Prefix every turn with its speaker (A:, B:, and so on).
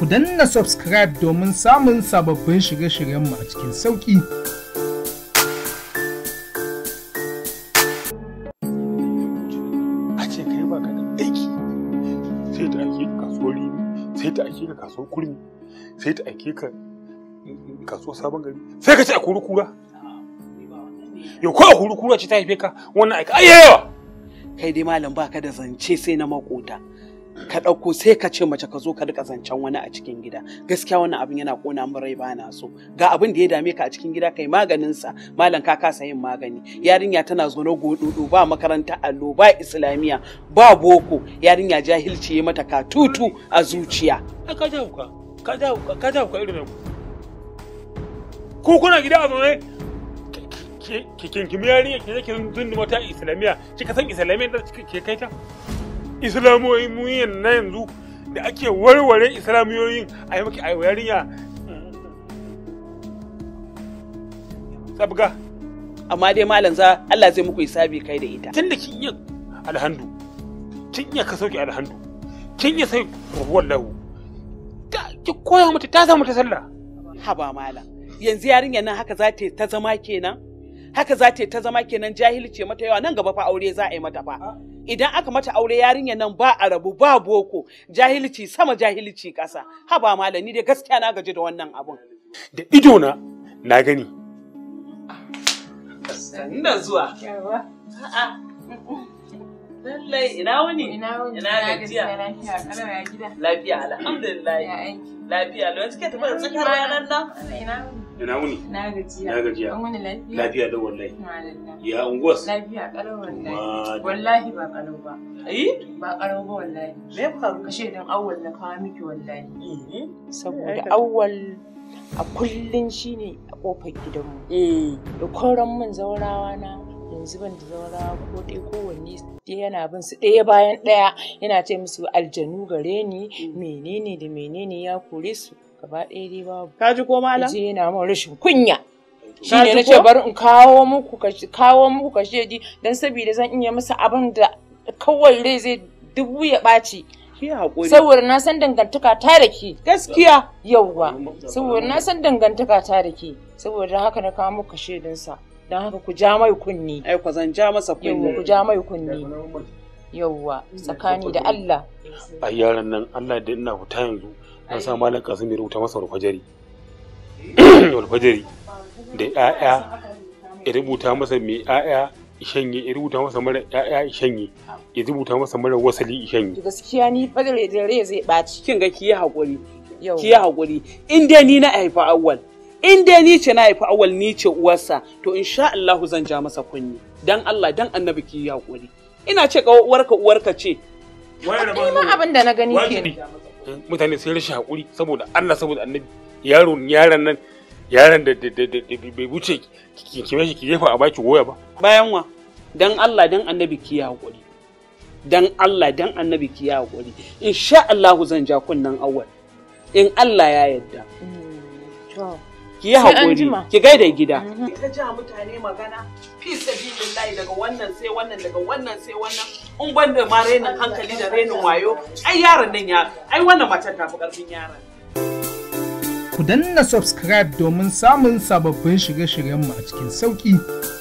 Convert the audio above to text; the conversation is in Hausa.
A: ku danna subscribe domin samun sababbin shirye-shiryenmu a cikin sauƙi.
B: A ce kai baka da aiki sai ta aike ka kasuwar rini, sai ta aike ka kasuwar kurmi, sai ta aike ka kasuwar sabon gari,
A: sai ka ce a kuri kura. Yau ko a kuri kura ce ta haife ka wannan aika ayyawa. Kai dai malam baka da zance sai na makota. ka ɗauko sai ka ce mace ka zo ka rika zancen wani a cikin gida gaskiya wannan abin yana kona min rai bana so ga abin da ya dame ka a cikin gida kai maganin sa malam ka kasa yin magani yarinya tana zo na gododo ba makaranta allo ba islamiya ba boko yarinya jahilci ya mata katutu a zuciya
B: ka dauka ka dauka ka ka irin ku kuna gida a zaune ke kin kimi yarinya ke kin zunduma ta islamiya kika san islamiya da kike kai ta islamoyin na yanzu da ake
A: warware islamiyoyin a yi maki yarinya sabga amma dai malam za Allah zai muku hisabi kai da ita tun da kin yi alhandu kin yi ka sauki alhandu kin iya sai wallahu ki koya mata ta zama ta sallah haba malam yanzu yarinya nan haka za ta ta zama kenan haka za ta ta zama kenan jahilce mata yawa nan gaba fa aure za a yi mata fa idan aka mata aure yarinya nan ba a rabu ba boko jahilci sama jahilci kasa haba malami dai gaskiya na gaji da wannan abun
B: da ido na na gani
A: ina zuwa
C: lallai ina wani ina gajiya lafiya alhamdulillah lafiya lafiya lafiya
A: lafiya lafiya
C: lafiya lafiya lafiya Ina wuni? Na gajiya. Na gajiya. An wani lafiya? Lafiya da wallahi. Ya unguwas? Lafiya kalau wallahi. Wallahi ba kalau ba. Eh? Ba kalau ba wallahi. Me ya faru kashe dan awwal na kawo miki wallahi. Eh. Saboda awwal a kullun shine a kofar gidanmu. Eh. Da koran mun zaurawa na yanzu ban da zaura ko dai kowanne yana bin su ɗaya bayan ɗaya yana ce musu aljanu gare ni eh. menene da menene ya kore su gaba ɗaya dai babu ka ji ko malam ji yana min rashin kunya shi ne na ce bari in kawo muku kawo muku kasheji don saboda zan iya masa abin da kawai rai zai dubu ya ɓaci saboda na san dangantaka ta da ke gaskiya yauwa saboda na san dangantaka ta da ke saboda haka na kawo muku kashedinsa don haka ku ja mai kunni ai ku zan ja masa kunni ku ja mai kunni yauwa tsakani da Allah
B: a yaran nan Allah da ina fita yanzu na sa malam Kasim ya rubuta masa rufajari rufajari da ƴaƴa ya rubuta masa mai ƴaƴa shanye ya rubuta masa mara ƴaƴa shanye ya rubuta masa mara wasali shanye
C: gaskiya ni fadare da rai zai ɓaci
A: kin ga ki haƙuri. ki hakuri in dai ni na haifa awwal in dai ni ce na haifi awal ni ce uwarsa to in sha Allahu zan ja masa kunni dan Allah dan annabi ki yi hakuri ina ce ka uwarka uwarka ce wai
C: abin da na gani ke
B: mutane sai rashin hakuri saboda Allah saboda annabi yaron yaron nan yaron da
A: bai wuce ki shi ki jefa a baki goya ba bayan wa dan Allah dan annabi ki ya hakuri dan Allah dan annabi ki ya haƙuri. insha Allah zan ja kunnan awwal in Allah ya yarda
C: mm, ki yi haƙuri ki
A: gaida gida. Ka ji mutane magana fi sabilillahi daga wannan sai wannan daga wannan sai wannan in ban da ma renin hankali da renin wayo ai yaron nan ya ai wannan matar ta fi ƙarfin yara. Ku danna subscribe domin samun sababbin shirye-shiryenmu a cikin sauƙi.